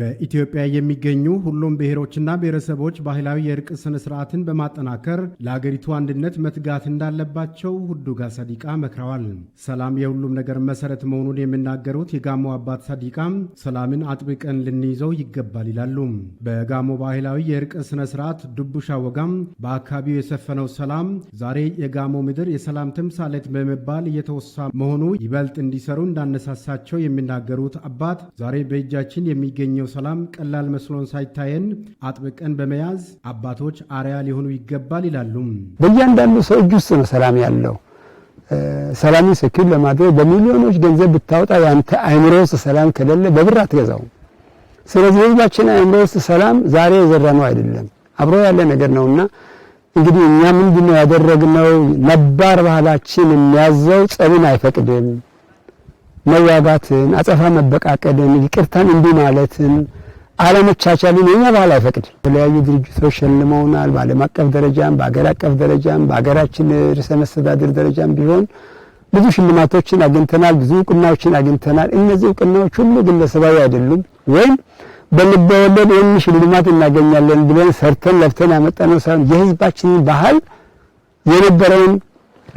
በኢትዮጵያ የሚገኙ ሁሉም ብሔሮችና ብሔረሰቦች ባህላዊ የእርቅ ስነ ስርዓትን በማጠናከር ለአገሪቱ አንድነት መትጋት እንዳለባቸው ሁዱጋ ሳዲቃ መክረዋል። ሰላም የሁሉም ነገር መሰረት መሆኑን የሚናገሩት የጋሞ አባት ሳዲቃም ሰላምን አጥብቀን ልንይዘው ይገባል ይላሉ። በጋሞ ባህላዊ የእርቅ ስነ ስርዓት ዱቡሻ ወጋም በአካባቢው የሰፈነው ሰላም ዛሬ የጋሞ ምድር የሰላም ትምሳሌት በመባል እየተወሳ መሆኑ ይበልጥ እንዲሰሩ እንዳነሳሳቸው የሚናገሩት አባት ዛሬ በእጃችን የሚገኘው የምናገኘው ሰላም ቀላል መስሎን ሳይታየን አጥብቀን በመያዝ አባቶች አርያ ሊሆኑ ይገባል ይላሉ። በእያንዳንዱ ሰው እጅ ውስጥ ነው ሰላም ያለው። ሰላምን ሰኪር ለማድረግ በሚሊዮኖች ገንዘብ ብታወጣ ያንተ አይምሮ ውስጥ ሰላም ከሌለ በብር አትገዛውም። ስለዚህ ህዝባችን አይምሮ ውስጥ ሰላም ዛሬ የዘራ ነው አይደለም፣ አብሮ ያለ ነገር ነውና እንግዲህ እኛ ምንድነው ያደረግነው? ነባር ባህላችን የሚያዘው ጸብን አይፈቅድም። መዋጋትን፣ አጸፋ መበቃቀልን፣ ይቅርታን እንዲህ ማለትን አለመቻቻልን የኛ ባህል አይፈቅድ። የተለያዩ ድርጅቶች ሸልመውናል። በዓለም አቀፍ ደረጃም በአገር አቀፍ ደረጃም በሀገራችን ርዕሰ መስተዳድር ደረጃም ቢሆን ብዙ ሽልማቶችን አግኝተናል። ብዙ እውቅናዎችን አግኝተናል። እነዚህ እውቅናዎች ሁሉ ግለሰባዊ አይደሉም። ወይም በልበወለድ ይህን ሽልማት እናገኛለን ብለን ሰርተን ለፍተን ያመጣነው ሳይሆን የህዝባችንን ባህል የነበረውን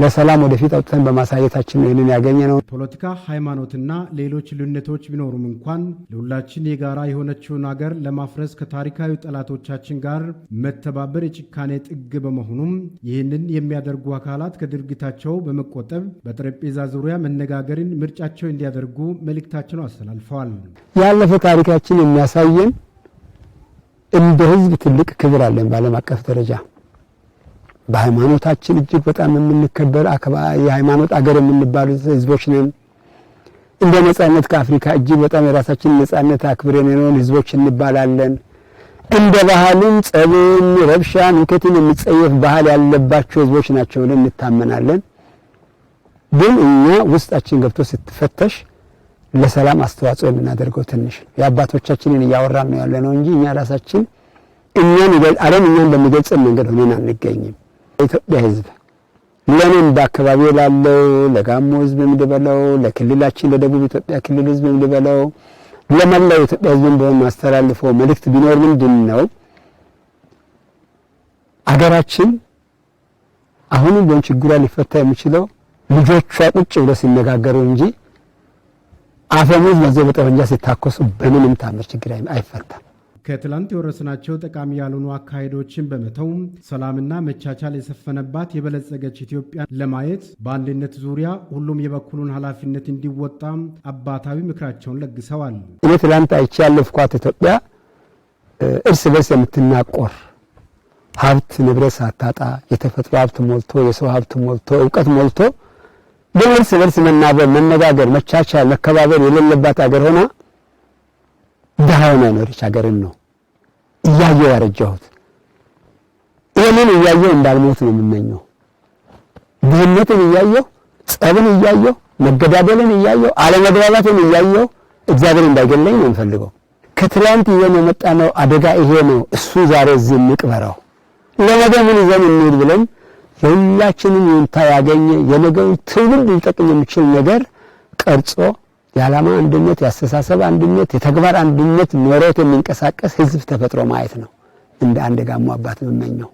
ለሰላም ወደፊት አውጥተን በማሳየታችን ነው ይህንን ያገኘ ነው። ፖለቲካ፣ ሃይማኖትና ሌሎች ልዩነቶች ቢኖሩም እንኳን ለሁላችን የጋራ የሆነችውን አገር ለማፍረስ ከታሪካዊ ጠላቶቻችን ጋር መተባበር የጭካኔ ጥግ በመሆኑም ይህንን የሚያደርጉ አካላት ከድርጊታቸው በመቆጠብ በጠረጴዛ ዙሪያ መነጋገርን ምርጫቸው እንዲያደርጉ መልእክታቸውን አስተላልፈዋል። ያለፈ ታሪካችን የሚያሳየን እንደ ህዝብ ትልቅ ክብር አለን በዓለም አቀፍ ደረጃ በሃይማኖታችን እጅግ በጣም የምንከበር የሃይማኖት አገር የምንባሉ ህዝቦች ነን። እንደ ነጻነት ከአፍሪካ እጅግ በጣም የራሳችን ነጻነት አክብረን የሆን ህዝቦች እንባላለን። እንደ ባህልም ጸብን፣ ረብሻን፣ ውከትን የሚጸየፍ ባህል ያለባቸው ህዝቦች ናቸው ብለን እንታመናለን። ግን እኛ ውስጣችን ገብቶ ስትፈተሽ ለሰላም አስተዋጽኦ የምናደርገው ትንሽ የአባቶቻችንን እያወራን ነው ያለ ነው እንጂ እኛ ራሳችን እኛን ዓለም እኛን በሚገልጽን መንገድ ሆነን አንገኝም። ኢትዮጵያ ህዝብ ለምን በአካባቢው ላለው ለጋሞ ህዝብ የምንበለው ለክልላችን ለደቡብ ኢትዮጵያ ክልል ህዝብ የምንበለው ለመላው ኢትዮጵያ ሕዝብ እንደሆነ ማስተላልፈው መልእክት ቢኖር ምንድን ነው? አገራችን አሁንም ቢሆን ችግሯ ሊፈታ የሚችለው ልጆቿ ቁጭ ብለው ሲነጋገሩ እንጂ አፈሙዝ መዘው በጠመንጃ ሲታኮሱ በምንም ታምር ችግር አይፈታም። ከትላንት የወረስናቸው ጠቃሚ ያልሆኑ አካሄዶችን በመተው ሰላምና መቻቻል የሰፈነባት የበለጸገች ኢትዮጵያ ለማየት በአንድነት ዙሪያ ሁሉም የበኩሉን ኃላፊነት እንዲወጣ አባታዊ ምክራቸውን ለግሰዋል። እኔ ትላንት አይቼ ያለፍኳት ኢትዮጵያ እርስ በርስ የምትናቆር ሀብት ንብረት ሳታጣ የተፈጥሮ ሀብት ሞልቶ የሰው ሀብት ሞልቶ እውቀት ሞልቶ ግን እርስ በርስ መናበብ፣ መነጋገር፣ መቻቻል፣ መከባበር የሌለባት አገር ሆና ድሃ ያኖረች ሀገርን ነው እያየው ያረጃሁት። ይህንን እያየው እንዳልሞት ነው የምመኘው። ድህነትን እያየው፣ ጸብን እያየው፣ መገዳደልን እያየው፣ አለመግባባትን እያየው እግዚአብሔር እንዳይገለኝ ነው የምፈልገው። ከትላንት ይዘን የመጣ ነው አደጋ ይሄ ነው። እሱ ዛሬ እዚህ እንቅበረው ለነገ ምን ይዘን እንሂድ ብለን የሁላችንም ይሁንታ ያገኘ የነገው ትውልድ ሊጠቅም የሚችል ነገር ቀርጾ የዓላማ አንድነት፣ የአስተሳሰብ አንድነት፣ የተግባር አንድነት ኖሮት የሚንቀሳቀስ ህዝብ ተፈጥሮ ማየት ነው እንደ አንድ ጋሞ አባት መመኘው።